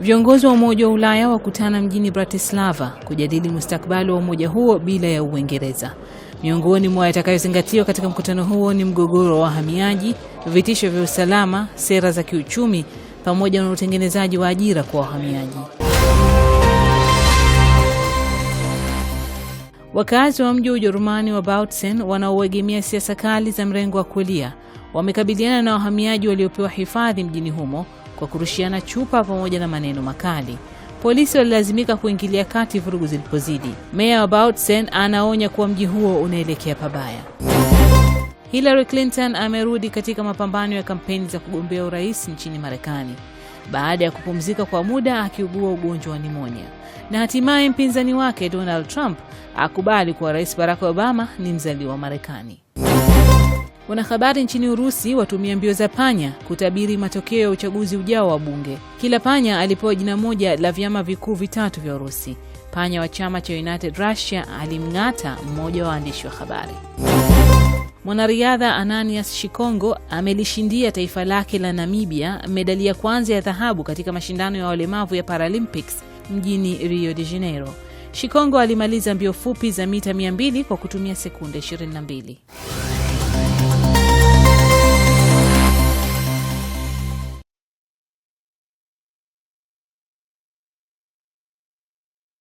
Viongozi wa Umoja wa Ulaya wakutana mjini Bratislava kujadili mustakabali wa umoja huo bila ya Uingereza. Miongoni mwa yatakayozingatiwa katika mkutano huo ni mgogoro wa wahamiaji, vitisho vya usalama, sera za kiuchumi pamoja na utengenezaji wa ajira kwa wahamiaji. Wakazi wa mji wa Ujerumani wa Bautzen wanaoegemea siasa kali za mrengo wa kulia wamekabiliana na wahamiaji waliopewa hifadhi mjini humo kwa kurushiana chupa pamoja na maneno makali. Polisi walilazimika kuingilia kati vurugu zilipozidi. Meya wa Bautzen anaonya kuwa mji huo unaelekea pabaya. Hillary Clinton amerudi katika mapambano ya kampeni za kugombea urais nchini Marekani baada ya kupumzika kwa muda akiugua ugonjwa wa nimonia, na hatimaye mpinzani wake Donald Trump akubali kuwa Rais Barack Obama ni mzaliwa wa Marekani. Wanahabari nchini Urusi watumia mbio za panya kutabiri matokeo ya uchaguzi ujao wa bunge. Kila panya alipewa jina moja la vyama vikuu vitatu vya Urusi. Panya wa chama cha United Russia alimng'ata mmoja wa waandishi wa habari. Mwanariadha Ananias Shikongo amelishindia taifa lake la Namibia medali ya kwanza ya dhahabu katika mashindano ya walemavu ya Paralympics mjini Rio de Janeiro. Shikongo alimaliza mbio fupi za mita 200 kwa kutumia sekunde 22.